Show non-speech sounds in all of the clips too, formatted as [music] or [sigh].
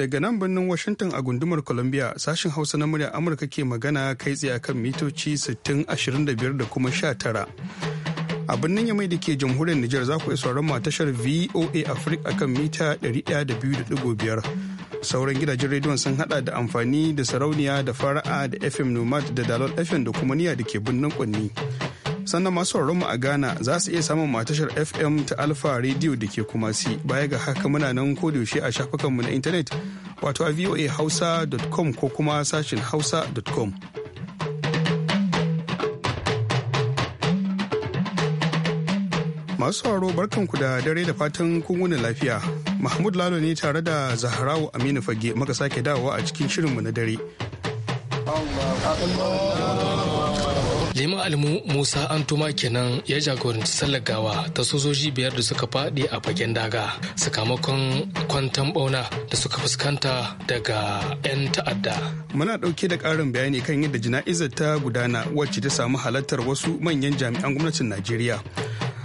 daga nan birnin Washington a gundumar Columbia sashin Hausa na murya Amurka ke magana kai tsaye akan mitoci 6025 da kuma 19. A birnin Yamai da ke jamhuriyar Nijar za ku iya sauran ma tashar VOA Africa akan mita 102.5. Sauran gidajen rediyon sun hada da amfani da sarauniya da fara'a da FM Nomad da Dalol FM da kuma niya da ke birnin Kwanni. sannan masu mu a ghana za su iya samun matashar fm ta alfa radio da ke kumasi baya ga haka muna nan ko yaushe a shafukanmu na intanet wato a voahausa.com ko kuma sashin hausa.com masu sauraro barkanku da dare da fatan kungunan lafiya mahmud lalo ne tare da zaharau aminu fage maka sake dawowa a cikin shirinmu na dare Lima Almu Musa Antuma kenan ya jagoranci sallar gawa ta sojoji biyar da suka faɗi a fagen daga sakamakon kwantan bauna da suka fuskanta daga 'yan ta'adda. Muna ɗauke da karin bayani kan yadda jana'izar ta gudana wacce ta samu halartar wasu manyan jami'an gwamnatin Najeriya.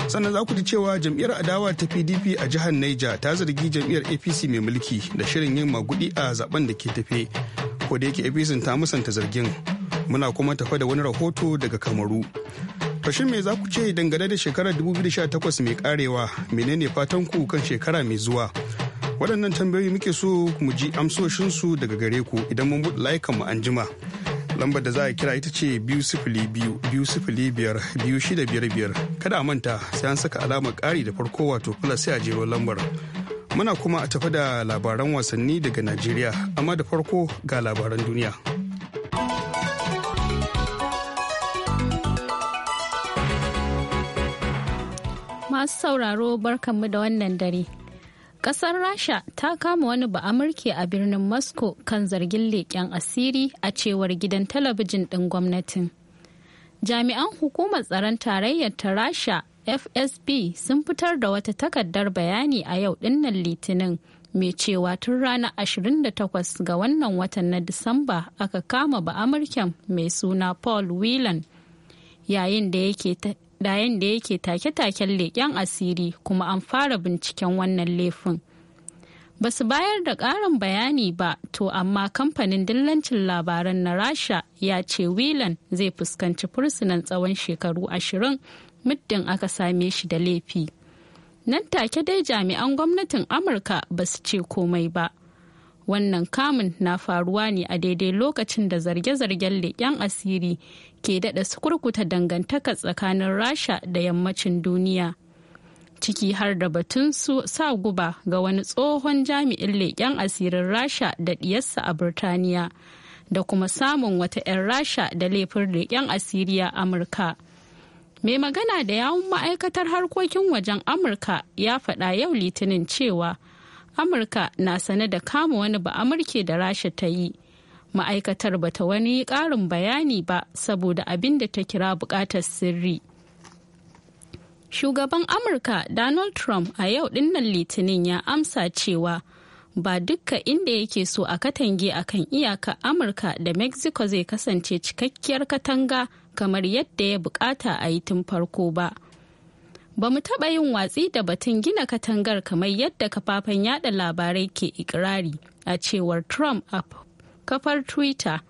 sannan za ku ji cewa jam'iyyar adawa ta pdp a jihar niger ta zargi jam'iyyar apc mai mulki da shirin yin magudi a zaben da ke tafe ko da yake apc ta musanta zargin Muna kuma tafa da wani rahoto daga Kamaru. Fashin me za ku ce dangane da shekarar 2018 mai karewa menene fatan ku kan shekara mai zuwa. Waɗannan tambayoyi muke so mu ji amsoshinsu daga gare ku idan mun buɗe layukan mu an jima. Lambar da za a kira ita ce biyu sifili kada a manta sai an saka alamar ƙari da farko wato kula sai a jero lambar. Muna kuma a tafa da labaran wasanni daga Najeriya amma da farko ga labaran duniya. masu sauraro barkanmu da wannan dare. Ƙasar Rasha ta kama wani ba'amurke a birnin Moscow kan zargin leƙen asiri a cewar gidan talabijin ɗin gwamnatin. Jami'an hukumar tsaron tarayyar ta Rasha FSB sun fitar da wata takardar bayani a yau dinnan Litinin mai cewa tun ranar 28 ga wannan watan na Disamba aka kama ba'amurken mai suna Paul Whelan yayin da yake yayin da yake take-taken leƙen asiri kuma an fara binciken wannan laifin. ba su bayar da ƙarin bayani ba to amma kamfanin dillancin labaran na rasha ya ce whelan zai fuskanci fursunan tsawon shekaru ashirin muddin aka same shi da laifi nan take dai jami'an gwamnatin amurka ba su ce komai ba. wannan kamun na faruwa ne a daidai lokacin da zarge-zargen leƙen asiri ke daɗa kurkuta dangantaka tsakanin rasha da yammacin duniya ciki har da batun su sa guba ga wani tsohon jami'in leƙen asirin rasha da ɗiyarsa a birtaniya da kuma samun wata 'yan rasha da laifin leƙen asiriya amurka mai magana da yawun ma'aikatar harkokin wajen amurka ya faɗa yau litinin cewa amurka na sane da kama wani ba amurke da rasha ta yi ma'aikatar bata wani ƙarin bayani ba saboda abin da ta kira buƙatar sirri shugaban amurka donald trump a yau dinnan litinin ya amsa cewa ba dukka inda yake so a katange a kan iyaka amurka da mexico zai kasance cikakkiyar katanga kamar yadda ya bukata a yi tun farko ba ba mu taɓa yin watsi da batun gina katangar kamar yadda kafafen yada labarai ke ikirari a cewar trump a kafar twitter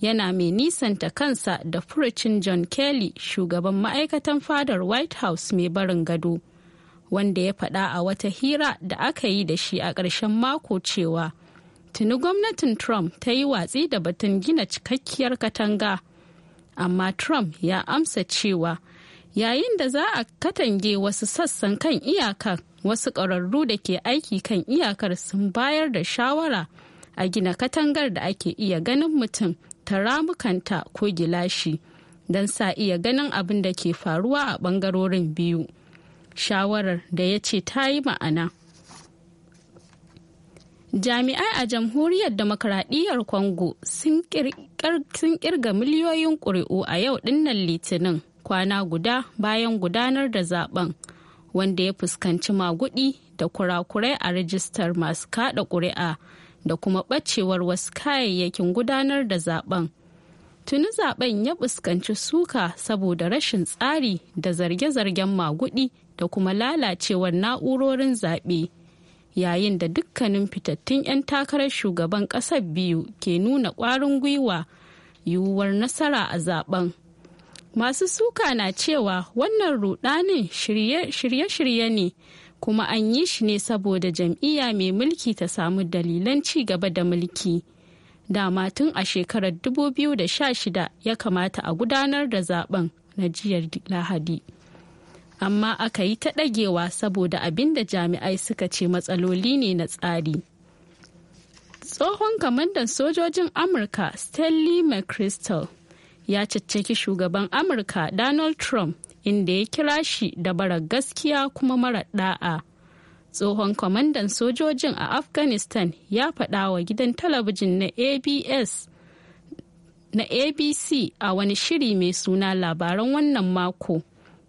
yana mai nisanta kansa da furucin john kelly shugaban ma'aikatan fadar white house mai barin gado wanda ya faɗa a wata hira da aka yi da shi a ƙarshen mako cewa tuni gwamnatin trump ta yi watsi da batun gina cikakkiyar katanga amma trump ya amsa cewa yayin da za a katange wasu sassan kan iyaka wasu ƙwararru da ke aiki kan iyakar sun bayar da shawara a gina katangar da ake iya ganin mutum ta ramukanta ko gilashi don sa iya ganin abin da ke faruwa a ɓangarorin biyu shawarar da ya ce ta yi ma'ana jami'ai a jamhuriyar demokradiyyar congo sun kirga miliyoyin ƙuri'u a yau dinnan litinin kwana guda bayan gudanar da zaben wanda ya fuskanci magudi da kurakurai a rijistar masu kada kuri'a da kuma bacewar wasu kayayyakin gudanar da zaben tuni zaben ya fuskanci suka saboda rashin tsari da zarge-zargen magudi da kuma lalacewar na'urorin zaɓe yayin da dukkanin fitattun 'yan takarar shugaban ƙasar biyu ke nuna ƙwarin gwiwa yiwuwar nasara a zaben masu suka na cewa wannan rudanin shirye-shirye ne kuma an yi shi ne saboda jam'iyya mai mulki ta samu dalilan ci gaba da mulki dama tun a shekarar 2016 ya kamata a gudanar da zaben na jiyar lahadi amma aka yi ta ɗagewa saboda abin da jami'ai suka ce matsaloli ne na tsari tsohon kamandan sojojin amurka stanley mcchrystal ya caccaki shugaban amurka donald trump inda ya kira shi da bara gaskiya kuma mara da'a tsohon kwamandan sojojin a afghanistan ya faɗa wa gidan talabijin na abs na abc a wani shiri mai suna labaran wannan mako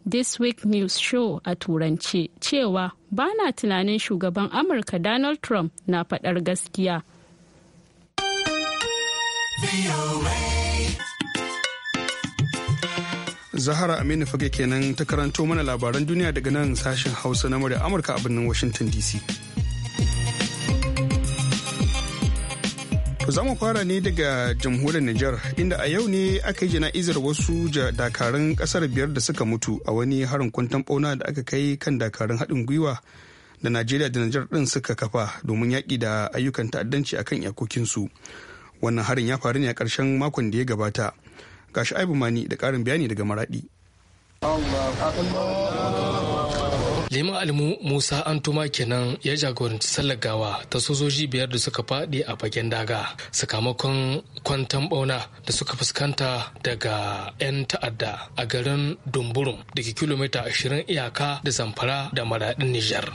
this week news show a turance cewa ba na tunanin shugaban amurka donald trump na faɗar gaskiya. Zahara Aminu fage kenan ta karanto mana labaran duniya daga nan sashen Hausa na murya Amurka a birnin Washington DC. za mu fara ne daga jamhuriyar Nijar inda a yau ne aka yi jana'izar wasu dakarun kasar biyar da suka mutu a wani harin kwantan bauna da aka kai kan dakarun haɗin gwiwa da Najeriya da Nijar ɗin suka kafa domin yaƙi da ayyukan ta'addanci akan iyakokinsu. Wannan harin ya faru ne a ƙarshen makon da ya gabata. ga sha'ibu mani da karin bayani daga maraɗi. Liman Almu Musa Antuma kenan ya jagoranci sallar gawa ta sojoji biyar da suka faɗi a fagen daga sakamakon kwantan bauna da suka fuskanta daga 'yan ta'adda a garin Dumburum da ke kilomita 20 iyaka da zamfara da maraɗin Nijar.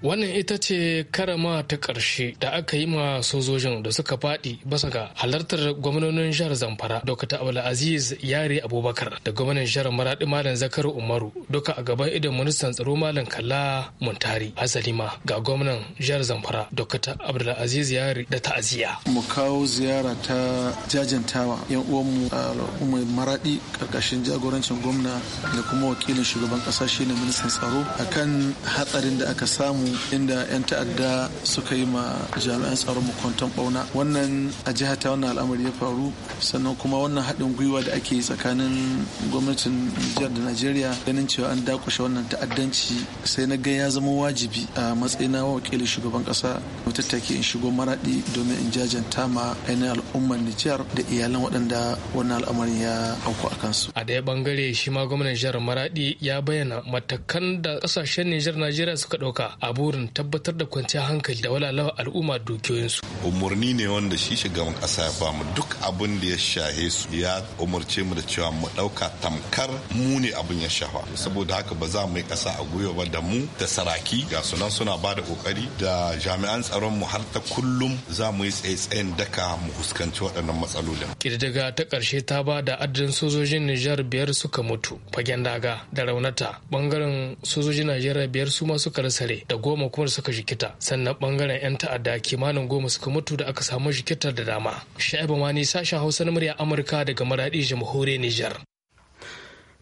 Wannan ita ce karama ta ƙarshe da aka yi ma sojojin da suka faɗi basa ga halartar gwamnonin jihar Zamfara Dr. Aziz Yare Abubakar da gwamnan jihar Maradi Malam Zakaru Umaru duka a gaban idan ministan tsaro Malam Kalla Muntari Azalima ga gwamnan jihar Zamfara Dr. Aziz Yare da ta'aziyya. Mu kawo ziyara ta jajantawa yan uwanmu al'ummar Maradi karkashin jagorancin gwamna da kuma wakilin shugaban ƙasa shine ministan tsaro akan hatsarin da aka samu inda 'yan ta'adda suka yi ma jami'an tsaron mu kwanton bauna wannan a jihar ta wannan al'amari ya faru sannan kuma wannan haɗin gwiwa da ake tsakanin gwamnatin jihar da Najeriya ganin cewa an dakushe wannan ta'addanci sai na ga ya zama wajibi a matsayin na wakilin shugaban ƙasa. mu tattake in shigo maraɗi domin in jajanta ma ainihin al'ummar Nijar da iyalan waɗanda wannan al'amarin ya auku a kansu. A ɗaya bangare shi ma gwamnan jihar maraɗi ya bayyana matakan da ƙasashen Nijar Najeriya suka ɗauka abu burin tabbatar da kwanciyar hankali da walalawa al'umma dukiyoyinsu. Umarni ne wanda shi shugaban kasa ya bamu duk abin da ya shahe su ya umarce mu da cewa mu ɗauka tamkar mu ne abin ya shafa. Saboda haka ba za mu yi ƙasa a gwiwa ba da mu da saraki ga sunan suna ba da ƙoƙari da jami'an tsaron mu har ta kullum za mu yi tsaye-tsayen daka mu fuskanci waɗannan matsalolin. kirdiga ta ƙarshe ta ba da adadin sojojin Nijar biyar suka mutu fagen daga da raunata bangaren sojojin nijar biyar su ma suka rasare da goma goma kuma da suka jikita sannan bangaren 'yan ta'adda kimanin goma suka mutu da aka samu jikitar da dama sha'ibu mani sashen hausa na murya amurka daga maradi jamhuriyar nijar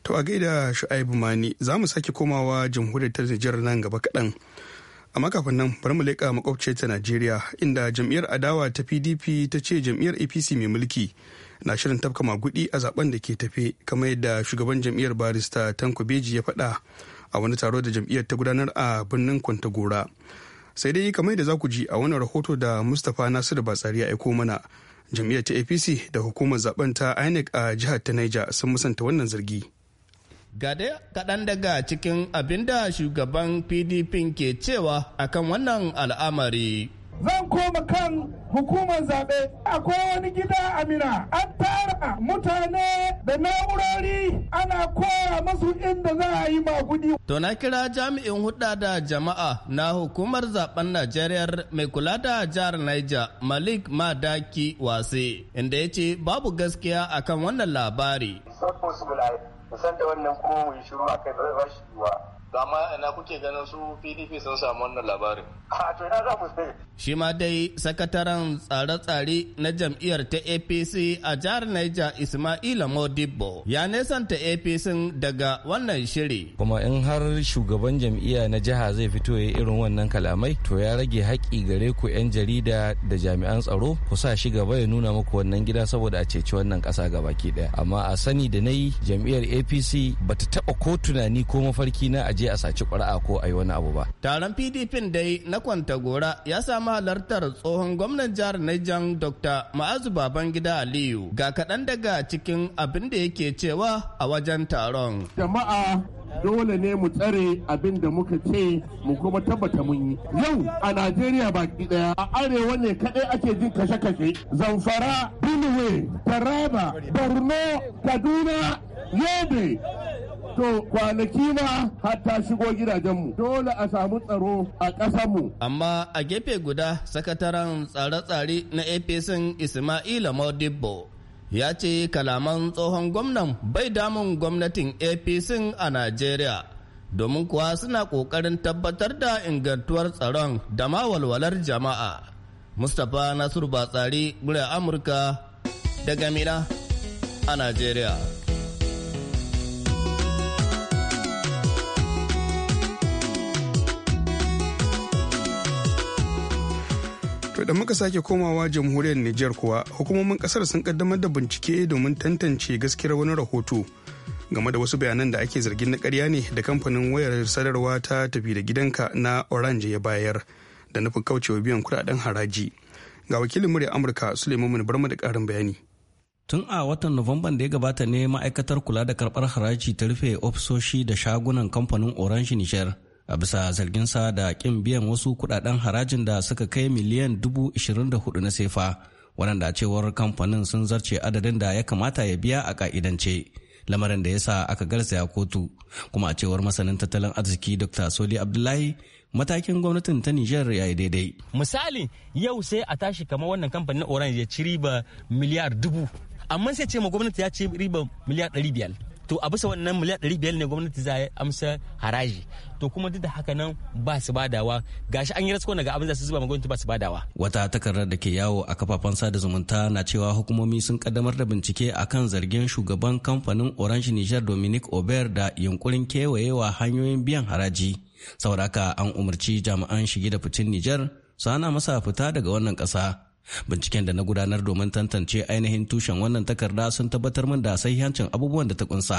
to a gaida ma mani za mu sake komawa jamhuriyar ta nijar nan gaba kaɗan amma kafin nan bari mu leƙa makwabciyar ta najeriya inda jam'iyyar adawa ta pdp ta ce jam'iyyar apc mai mulki na shirin tafka magudi a zaben da ke tafe kamar yadda shugaban jam'iyyar barista tanko beji ya faɗa a wani taro da jam'iyyar ta gudanar a birnin kwantagora sai dai kamar da za ku ji a wani rahoto da mustapha nasiru batsari ya aiko mana jam'iyyar ta apc da hukumar zaben ta inec a jihar ta niger sun musanta wannan zargi ga dai kaɗan daga cikin abinda shugaban pdp ke cewa akan wannan al'amari zan koma kan hukumar zaɓe akwai wani gida amina an tara mutane da na'urori ana koya masu inda za a yi maguɗi. to na kira jami'in huɗa da jama'a na hukumar zaben najeriya mai kula da jihar niger malik madaki wase inda ya ce babu gaskiya akan wannan labari. san da wannan shiru aka yi ba amma ina kuke ganin su pdp sun samu wannan labarin [laughs] a to za ku shi ma dai sakataren tsare-tsare na jam'iyyar ta apc a jihar naija ismaila modibo ya nesanta apc daga wannan shiri kuma in har shugaban jam'iyya na jiha zai fito ya irin wannan kalamai to ya rage haƙƙi gare ku 'yan jarida da jami'an tsaro ku sa shi gaba ya nuna muku wannan gida saboda a ceci wannan ƙasa gabaki ɗaya amma a sani da na yi jam'iyyar apc bata taɓa ko tunani ko mafarki na a je a saci ƙuri'a ko a yi wani abu ba. Taron PDP dai na kwanta gora ya samu halartar tsohon gwamnan jihar Niger Dr. Ma'azu Babangida Aliyu ga kaɗan daga cikin abin da yake cewa a wajen taron. Jama'a dole ne mu tsare abin da muka ce mu kuma tabbata mun yi. Yau a Najeriya baki ɗaya. a arewa ne kaɗai ake jin kashe-kashe. Zamfara, Benue, Taraba, Borno, Kaduna, Yobe, to kwanaki ma har ta shigo gidajenmu dole a samu tsaro a ƙasarmu. Amma a gefe guda sakataren tsare-tsare na APC Ismaila Modibo ya ce kalaman tsohon gwamnan bai damun gwamnatin APC a Najeriya. Domin kuwa suna ƙoƙarin tabbatar da ingantuwar tsaron da ma walwalar jama'a. Mustapha Nasiru Batsari, Gure Amurka daga Mina a Najeriya. To da muka sake komawa jamhuriyar Nijar kuwa hukumomin kasar sun kaddamar da bincike domin tantance gaskiyar wani rahoto game da wasu bayanan da ake zargin na karya ne da kamfanin wayar sadarwa ta tafi da gidanka na Orange ya bayar da nufin kaucewa biyan kudaden haraji. Ga wakilin murya Amurka Suleiman Barma da karin bayani. tun a watan nuwamban da ya gabata ne ma'aikatar kula da karbar haraji ta rufe ofisoshi da shagunan kamfanin orange niger a bisa zargin sa da kin biyan wasu kudaden harajin da suka kai miliyan dubu hudu na sefa waɗanda cewar kamfanin sun zarce adadin da ya kamata ya biya a ka'idance lamarin da ya sa aka garzaya kotu kuma a cewar masanin tattalin arziki dr soli abdullahi matakin gwamnatin ta Nijar ya yi daidai. Misali yau sai a tashi kamar wannan kamfanin Orange ya ci riba miliyar dubu amma sai ce ma gwamnati ya ci riba miliyar ɗari to a bisa wannan miliyan biyar ne gwamnati za a amsa haraji to kuma duk da haka nan ba su badawa gashi an yi rasko daga abin da su zuba gwamnati ba su badawa wata takardar da ke yawo a kafafen sada zumunta na cewa hukumomi sun kaddamar da bincike a kan zargin shugaban kamfanin orange niger dominic ober da yunkurin kewayewa hanyoyin biyan haraji saboda haka an umarci jami'an shige da fitin niger su hana masa fita daga wannan ƙasa binciken da na gudanar domin tantance ainihin tushen wannan takarda sun tabbatar min da sahihancin abubuwan da ta kunsa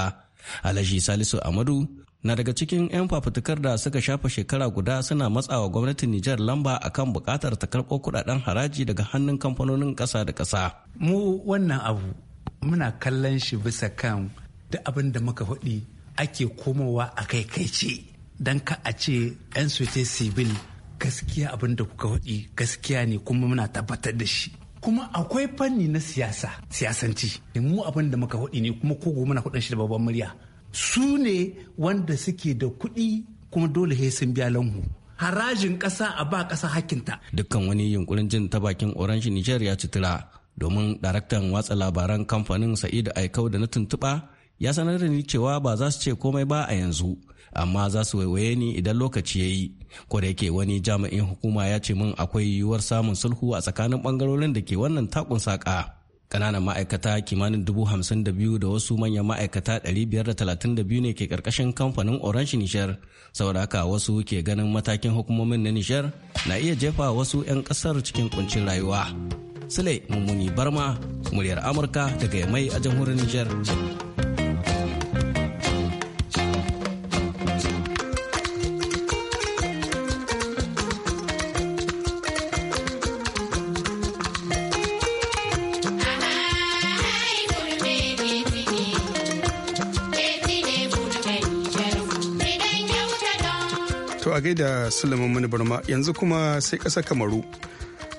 alhaji salisu amadu na daga cikin 'yan fafutukar da suka shafa shekara guda suna matsawa gwamnatin nijar lamba akan bukatar ta karɓo kudaden haraji daga hannun kamfanonin ƙasa da ƙasa mu wannan abu muna kallon shi bisa kan duk abin da muka faɗi ake komowa a kai kai ce don ka a ce 'yan sute sibil gaskiya abin da kuka faɗi gaskiya ne kuma muna tabbatar da shi kuma akwai fanni na siyasa siyasanci mu abin da muka faɗi ne kuma kogo muna kuɗin shi da babban murya su ne wanda suke da kuɗi kuma dole sai sun biya lanhu harajin ƙasa a ba ƙasa hakinta dukkan wani yunkurin jin ta bakin orange niger ya citira domin daraktan watsa labaran kamfanin sa'idu aikau da na tuntuɓa ya sanar da ni cewa ba za su ce komai ba a yanzu amma za su waiwaye ni idan lokaci ya yi ko da yake wani jami'in hukuma ya ce min akwai yiwuwar samun sulhu a tsakanin bangarorin da ke wannan takun saƙa. kananan ma'aikata kimanin dubu hamsin da biyu da wasu manyan ma'aikata ɗari biyar da talatin da biyu ne ke ƙarƙashin kamfanin orange nishar saboda haka wasu ke ganin matakin hukumomin na nishar na iya jefa wasu 'yan ƙasar cikin kuncin rayuwa sule mummuni barma muryar amurka daga mai a jamhuriyar nishar a gaida Sulaiman Mani Barma yanzu kuma sai ƙasar Kamaru.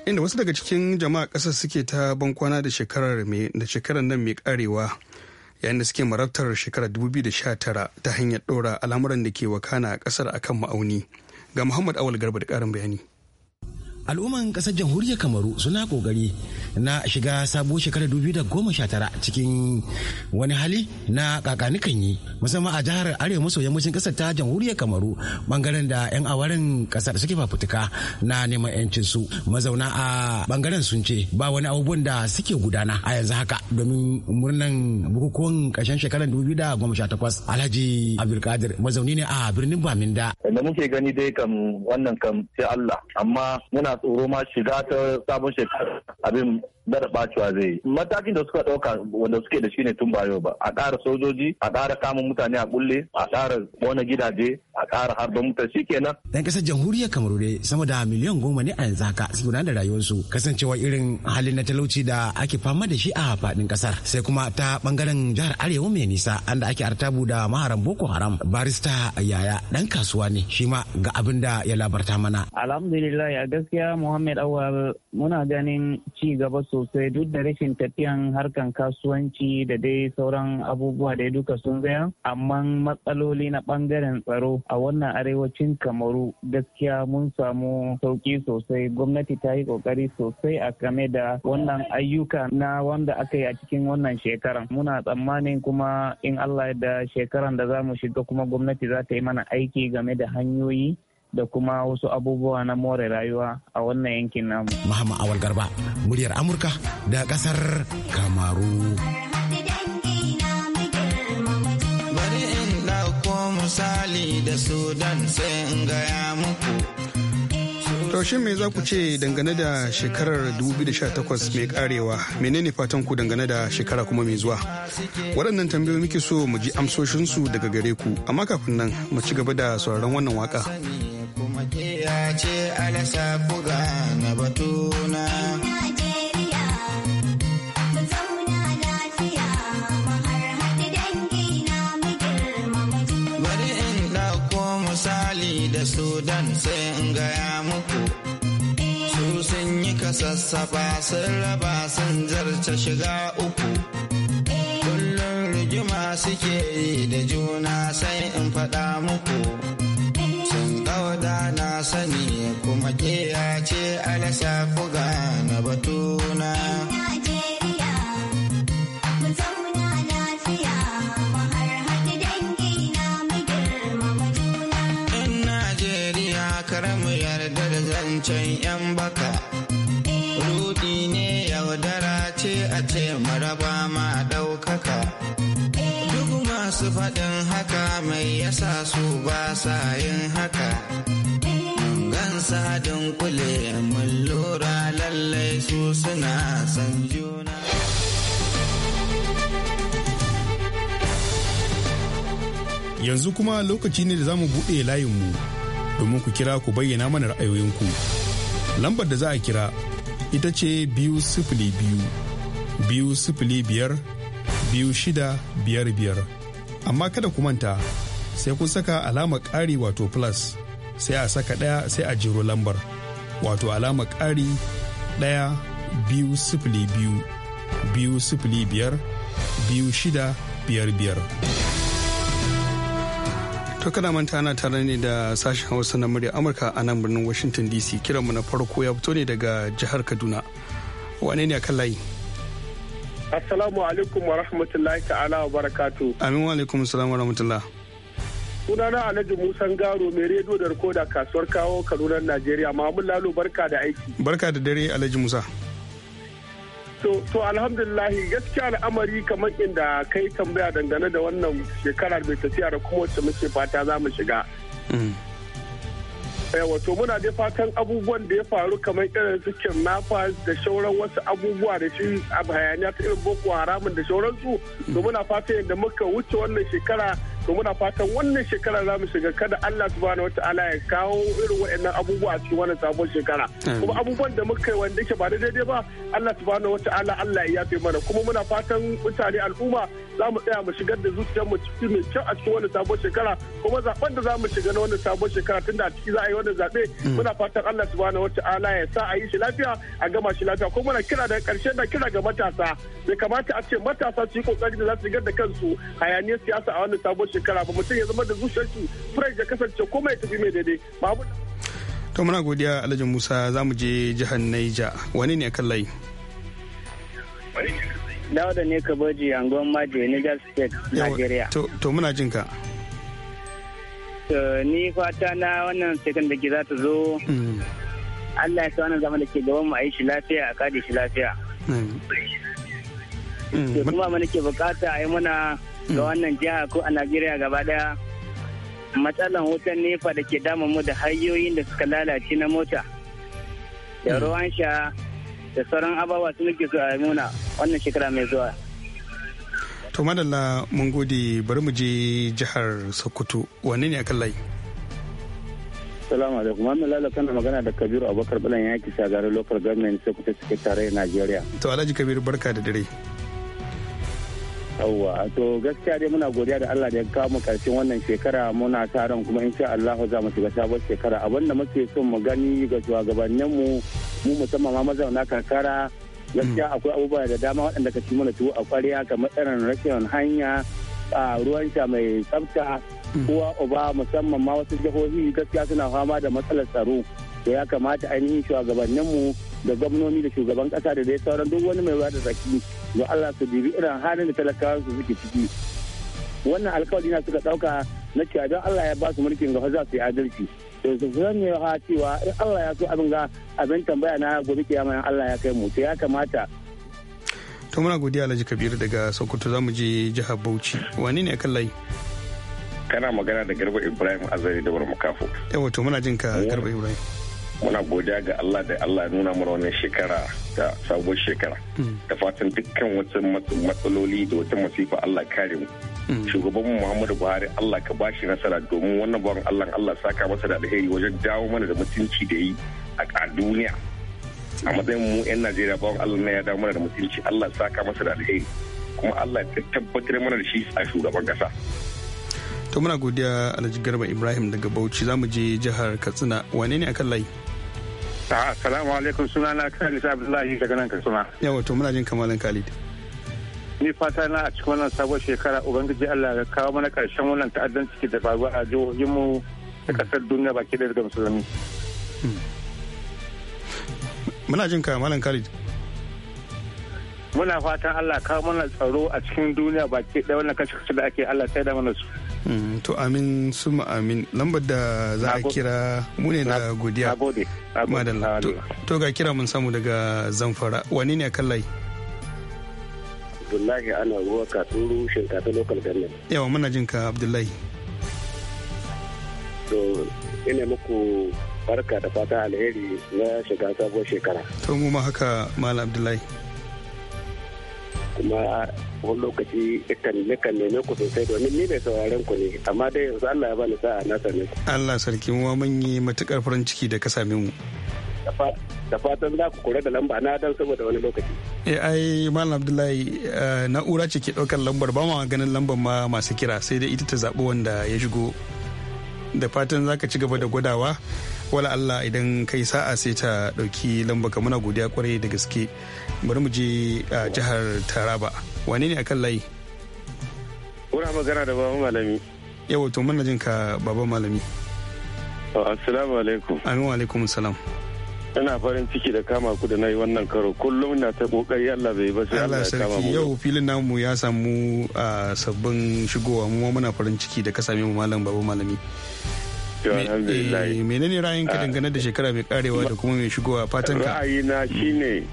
Inda wasu daga cikin jama'a ƙasar suke ta bankwana da shekarar da shekarar nan mai karewa yayin da suke marabtar shekarar 2019 ta hanyar ɗora al'amuran da ke wakana a ƙasar akan ma'auni. Ga Muhammad Awal Garba da ƙarin bayani. al'umman kasar jamhuriyar kamaru suna kokari na shiga sabuwar shekarar tara cikin wani hali na kakanikan yi musamman a jihar arewa maso yammacin kasar ta jamhuriyar kamaru bangaren da 'yan awarin kasar suke fafutuka na neman 'yancin su mazauna a bangaren sun ce ba wani abubuwan da suke gudana a yanzu haka domin murnan bukukuwan ƙarshen shekarar takwas alhaji abdulkadir mazauni ne a birnin baminda da muke gani dai kam wannan kam sai allah amma muna ana tsoro ma shiga ta sabon shekara abin dada bacewa zai yi matakin da suka dauka wanda suke da shi ne tun ba ba a ƙara sojoji a ƙara kama mutane a kulle a ƙara wani gidaje a ƙara harba mutan shi kenan dan kasar jamhuriyar kamaru ne sama da miliyan goma ne a yanzu haka su gudanar da su kasancewa irin halin na talauci da ake fama da shi a faɗin ƙasar sai kuma ta bangaren jihar arewa mai nisa anda ake artabu da maharan boko haram barista yaya dan kasuwa ne shi ma ga abin da ya labarta mana alhamdulillah a gaskiya muhammad awal muna ganin ci gaba sosai duk da rashin tafiyan harkan kasuwanci da dai sauran abubuwa da duka sun zaya amma matsaloli na bangaren tsaro a wannan arewacin kamaru gaskiya mun samu sauki sosai gwamnati ta yi kokari sosai a game da wannan ayyuka na wanda aka yi a cikin wannan shekaran muna tsammanin kuma in allah da shekaran da za mu shiga kuma gwamnati za ta yi mana aiki game da hanyoyi da kuma wasu abubuwa na more rayuwa a wannan yankin namu. Mahama Awal Garba, muryar Amurka da kasar Kamaru. Bari in ɗauko misali da Sudan sai in gaya muku. Taushin me za ku ce dangane da shekarar 2018 mai karewa menene fatan ku dangane da shekara kuma mai zuwa? Waɗannan tambayoyi muke so mu ji amsoshinsu daga gare ku, amma kafin nan mu ci gaba da sauraron wannan waka. Kuma ce alasa buga na batuna. sai in gaya muku su sun yi kasassaba sun raba sun zarce shiga uku kullum rigima suke yi da juna sai in faɗa muku ɗauda na sani kuma ke ce alasa buga na batuna. ba ma ɗaukaka. Duk masu faɗin haka mai yasa su ba sa yin haka. Gansa din kule mun lura lallai su suna san juna. Yanzu kuma lokaci ne da za mu buɗe layinmu domin ku kira ku bayyana mana ra'ayoyinku. Lambar da za a kira ita ce biyu sifili biyu biyu sifili biyar biyu shida biyar biyar amma kada ku manta sai kun saka alama ƙari wato plus sai a saka ɗaya sai a jiro lambar wato alama ƙari ɗaya biyu sifili biyu biyu sifili biyar biyu shida biyar biyar. To kana manta ana tare ne da sashen Hausa na murya Amurka a nan birnin Washington DC kiranmu na farko ya fito ne daga jihar Kaduna. Wane ne a kan layi? Assalamu alaikum wa rahmatullahi ta'ala wa barakatu. Amin wa alaikum salam wa rahmatullah. Sunana Alhaji Musa Garo mai rediyo da rikoda kasuwar kawo kanunan Najeriya. Mahmud Lalo barka da aiki. Barka da dare Alhaji Musa. To, to alhamdulillah gaskiya al'amari kamar inda kai tambaya dangane da wannan shekarar mai tafiya da kuma wacce muke fata za mu shiga. Mm. yawa to muna dai fatan abubuwan da ya faru kamar irin su kidnappers da shauran wasu abubuwa da shi a hayaniya ta irin boko haramun da shauransu to muna fatan yadda muka wuce wannan shekara to muna fatan wannan shekara za mu shiga kada Allah subhanahu wataala ya kawo irin waɗannan abubuwa a cikin wannan sabon shekara kuma abubuwan da muka yi wanda yake ba daidai ba Allah subhanahu wataala Allah ya yafe mana kuma muna fatan mutane al'umma za mu tsaya mu shigar da zuciyar mu cikin mai kyau a cikin wannan sabon shekara kuma zaben da za mu shiga na wannan sabon shekara tunda a ciki za a yi wannan zaɓe mm. muna fatan Allah subhanahu wataala ya sa a yi shi lafiya a gama shi lafiya kuma muna kira da karshe na kira ga matasa bai kamata a ce matasa su yi kokari da za su shigar da kansu hayaniyar siyasa a wannan sabon shekara ba mutum ya zama da zuciyar fresh ya kasance komai tafi mai daidai ba abu to muna godiya alhaji musa za mu je jihar naija wani ne kan layi dauda ne ka baji anguwan maje niger state nigeria to muna jin ka ni fata na wannan shekan da ke za ta zo hmm. allah ya sa wannan zama da ke gaban mu a yi shi lafiya a kaji shi lafiya hmm. Hmm. da kuma mana ke bukata a yi mana ga wannan jiha ko a najeriya gaba daya matsalan wutan nefa da ke damu mu da hanyoyin da suka lalace na mota da hmm. ruwan sha da sauran abawa su muke zuwa a nuna wannan shekara mai zuwa to madalla mun gode bari mu je jihar sokoto wanne ne akan layi salamu alaikum. Amma Lalo kana magana da Kabiru Abubakar ya yaki shagarar local government Sokoto suke tare Najeriya. To Alhaji Kabiru barka da dare. yawwa to gaskiya dai muna godiya da Allah da ya kawo mu karshen wannan shekara muna taron kuma insha Allah za mu shiga sabon shekara abin da muke son mu gani ga shugabannin mu mu musamman ma mazauna karkara gaskiya hmm. akwai abubuwa da dama waɗanda ka ci mana tuwo a ƙwarya kamar irin rashin hanya a ruwan sha mai tsafta kowa hmm. uba musamman ma wasu jihohi gaskiya suna fama da matsalar tsaro to ya kamata ainihin shugabannin mu. da gwamnoni da shugaban kasa da dai sauran duk wani mai bada zaki ga Allah su bibi irin halin da talakawa su suke ciki wannan alkawari na suka dauka na cewa don Allah ya ba su mulkin ga za su yi adalci to su san ne ha cewa in Allah ya so abin ga abin tambaya na gobe kiyama Allah ya kai mu to ya kamata to muna godiya Alhaji kabir daga Sokoto zamu je jihar Bauchi wani ne kan kana magana da Garba Ibrahim Azari da Barmukafo yawa to muna jin ka Garba Ibrahim muna godiya ga Allah da Allah nuna mana wannan shekara da sabuwar shekara hmm. da fatan dukkan wasu matsaloli da wata masifa Allah kare mu hmm. shugaban mu Muhammadu Buhari Allah ka bashi nasara domin wannan bawan Allah Allah saka masa da alheri wajen dawo mana da mutunci da yi a duniya a matsayin mu yan Najeriya bawan Allah ne ya dawo mana da mutunci Allah saka masa da alheri kuma Allah ya tabbatar mana da shi a shugaban kasa to muna godiya Alhaji Garba Ibrahim daga Bauchi zamu je jihar Katsina wane ne akan layi Assalamu alaikum suna na Khalid Abdullahi daga nan Katsina. Yawa to muna jin kamalin Khalid. Ni fata na a cikin wannan sabon shekara Ubangiji Allah ya kawo mana karshen wannan ta'addanci da faruwa a mu da kasar duniya baki ɗaya daga musulmi. Muna jin ka Malam Khalid. Muna fatan Allah kawo mana tsaro a cikin duniya baki ɗaya wannan kashe da ake Allah sai da mana su. Mm, to amin suma amin lambar da za a kira mu ne da godiya madalla to ga kira mun samu daga zamfara wani ne kan abdullahi ana ruwa katsuru shinkafa local government yawa muna jin ka abdullahi to ina muku barka da fata alheri na shiga sabuwar shekara to mu ma haka malam abdullahi kuma wani lokaci kan kan neme ku sosai domin ni ne sauraren ku ne amma dai yanzu Allah ya bani sa'a na ku. Allah sarki mu mun yi matukar farin ciki da ka same mu da fatan za ku kore da lamba na dan saboda wani lokaci eh ai malam abdullahi eh, na'ura ce ke ɗaukar lambar ba ma ganin lambar ma masu kira sai dai ita ta zaɓi wanda ya shigo da fatan za ka ci gaba da gwadawa wala Allah idan kai sa'a sai ta ɗauki lamba ka muna godiya kwarai da gaske bari mu je a jihar Taraba wane ne akan layi kuna magana da baban malami yawa to muna jin ka baban malami assalamu alaikum amin wa alaikum salam ina farin ciki da kama ku da nayi wannan karo kullum na ta kokari Allah bai ba sai Allah ya kama mu yau filin namu ya samu sabbin shigowa mu muna farin ciki da ka same mu malam baban malami Eh, menene ka ah. dangane da shekara mai karewa da kuma mai shigowa fatan ka ra'ayina mm. shine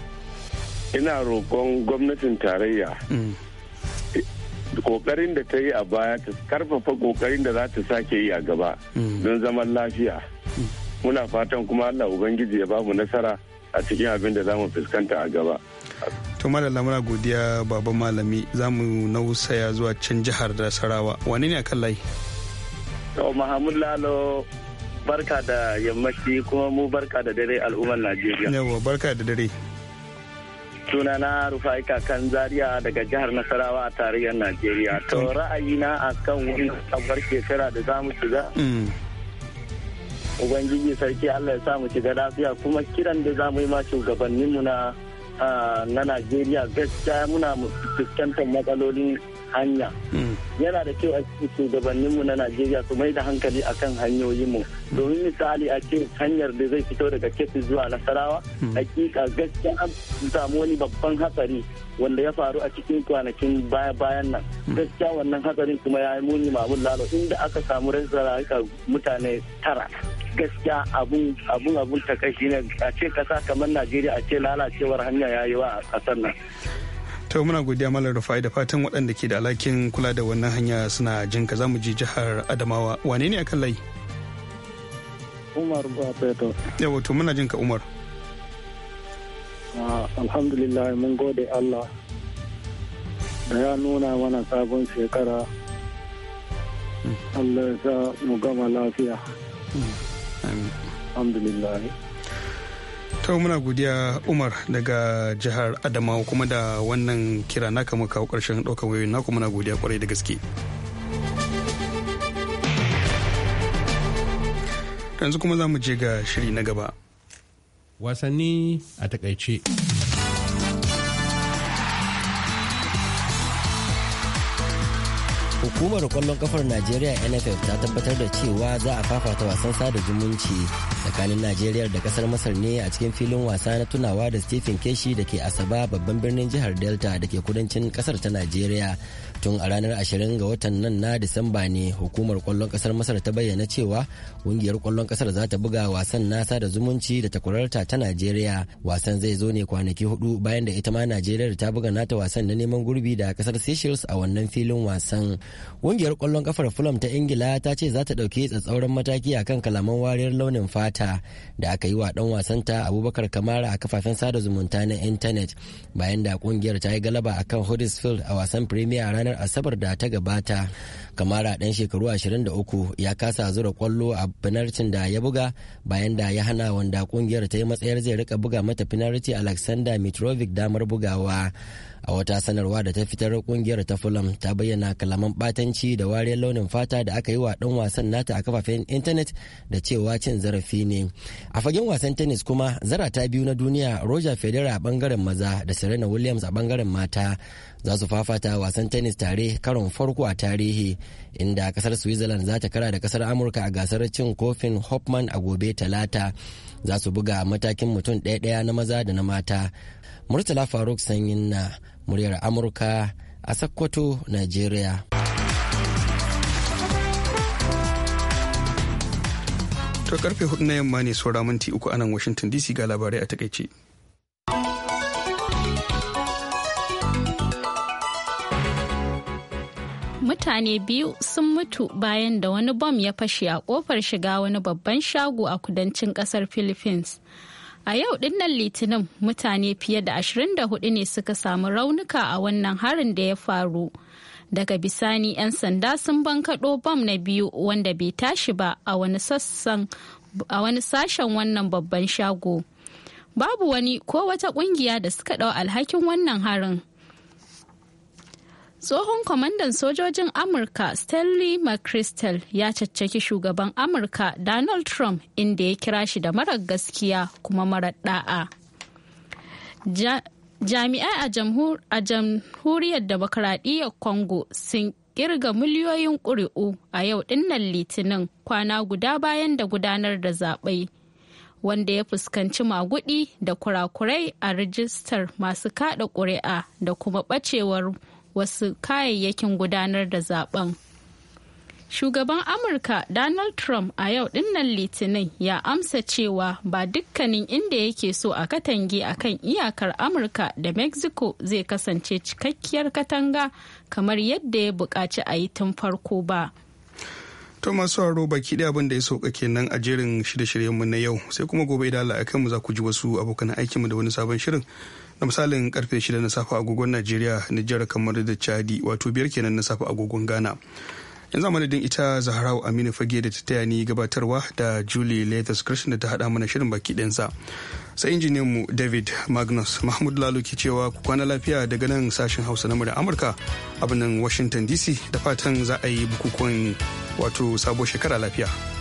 ina roƙon gwamnatin tarayya mm. ƙoƙarin da ta yi a baya ta karfafa kokarin da za ta sake yi a gaba mm. don zaman lafiya muna fatan kuma allah ubangiji ya bamu nasara a cikin abin da za fuskanta a gaba to malala muna godiya baban malami za mu nausaya zuwa can jihar da sarawa wani ne a kan layi To Mahamud Lalo barka da yammaci kuma mu barka da dare al'ummar Najeriya. Yawwa barka da dare. sunana rufai kakan zariya daga jihar nasarawa a tarayyar najeriya to mm. ra'ayina a kan wani sabuwar shekara da za mu shiga mm. ubangiji sarki allah ya samu shiga lafiya kuma kiran da za mu yi ma shugabanninmu na ah, na najeriya gaskiya muna fuskantar matsaloli hanya hmm. yana da kyau a cikin mu na najeriya su mai da hankali akan hanyoyinmu hmm. domin misali a ce hanyar da zai fito daga kebbi zuwa nasarawa hmm. hakika gaskiya an samu wani babban hatsari wanda ya faru a cikin kwanakin baya bayan nan gaskiya wannan hatsarin kuma ya yi muni mamun lalo inda aka samu rasa mutane tara gaskiya abun abun abun takaici ne a ce kasa kamar najeriya a ce lalacewar hanya ya yi wa a kasar nan to muna godiya malam rufai da fatan waɗanda ke da alakin kula da wannan hanya suna jin ka zamu ji jihar adamawa wane ne akan layi umar ba yawa to muna jin ka umar ah, alhamdulillah mun gode allah da ya nuna mana sabon shekara hmm. allah ya sa mu gama lafiya hmm. alhamdulillah kawo muna godiya umar daga jihar adamawa kuma da wannan kira naka mu kawo karshen ɗaukar wayoyin kuma muna godiya kwarai da gaske yanzu kuma za mu je ga shiri na gaba wasanni a takaice hukumar kwallon kafar najeriya nff ta tabbatar da cewa za a fafata wasan sada zumunci tsakanin najeriya da kasar masar ne a cikin filin wasa na tunawa da stephen keshi da ke asaba babban birnin jihar delta da ke kudancin kasar ta najeriya tun a ranar 20 ga watan nan na disamba ne hukumar kwallon kasar masar ta bayyana cewa kungiyar kwallon kasar za ta buga wasan nasa da zumunci da takwararta ta najeriya wasan zai zo ne kwanaki hudu bayan da ita ma najeriya ta buga nata wasan na neman gurbi da kasar seychelles a wannan filin wasan kungiyar kwallon kafar fulham ta ingila ta ce za ta ɗauki tsatsauran mataki a kan kalaman wariyar launin fata da aka yi wa dan wasanta abubakar kamara a kafafen sada zumunta na intanet bayan da kungiyar ta yi galaba akan huddersfield a wasan premier ranar ranar asabar da ta gabata kamara dan shekaru 23 ya kasa zura kwallo a finarcin da ya buga bayan da ya hana wanda kungiyar ta yi matsayar zai rika buga mata finarci alexander mitrovic damar bugawa a wata sanarwa da ta fitar kungiyar ta fulham ta bayyana kalaman batanci da wariyar launin fata da aka yi wa dan wasan nata a kafafen intanet da cewa cin zarafi ne a fagen wasan tennis kuma zarata biyu na duniya roger federer a bangaren maza da serena williams a bangaren mata za su fafata wasan tennis tare karon farko a tarihi inda kasar switzerland za ta kara da kasar amurka a gasar cin kofin hoffman a gobe talata za su buga matakin mutum ɗaya-ɗaya na maza da na mata murtala faruk sanyin na muryar amurka a sakkwato nigeria to karfe hudu na yamma ne saura minti uku anan nan washington dc ga labarai a takaice mutane biyu sun mutu bayan da wani bom ya fashe a kofar shiga wani babban shago a kudancin kasar philippines a yau dinnan litinin mutane fiye da 24 ne suka samu raunuka a wannan harin da ya faru daga bisani 'yan sanda sun bankaɗo bom na biyu wanda bai tashi ba a wani sashen wannan babban shago babu wani ko wata kungiya da suka ɗau alhakin wannan harin Tsohon kwamandan sojojin Amurka Stanley McChrystal ya caccaki shugaban Amurka Donald Trump inda ya kira shi da marar gaskiya kuma marar da'a. Jami'ai a jamhuriyar demokradiyyar Congo sun kirga miliyoyin ƙuri'u a yau dinnan litinin kwana guda bayan da gudanar da zaɓai wanda ya fuskanci magudi da kurakurai a rijistar masu kada ƙuri'a da kuma ɓacewar wasu kayayyakin gudanar da zaben. Shugaban Amurka Donald Trump a yau dinnan Litinin ya amsa cewa ba dukkanin inda yake so a katange a kan iyakar Amurka da Mexico zai kasance cikakkiyar katanga kamar yadda ya buƙaci a yi tun farko ba. To masu haro baki da abin da ya sauka kenan a jerin shirye-shiryenmu na yau sai kuma gobe da Allah mu za ku ji wasu abokan aikinmu da wani sabon shirin. da misalin karfe 6 na safe agogon najeriya nijar kamar da chadi wato biyar kenan na safe agogon ghana yanzu madadin ita zaharau aminu fage da ta taya ni gabatarwa da julie latest christian da ta haɗa mana shirin baki ɗinsa sai injiniyanmu david magnus mahmud lalo ke cewa ku kwana lafiya daga nan sashen hausa na murya amurka a washington dc da fatan za a yi bukukuwan wato sabuwar shekara lafiya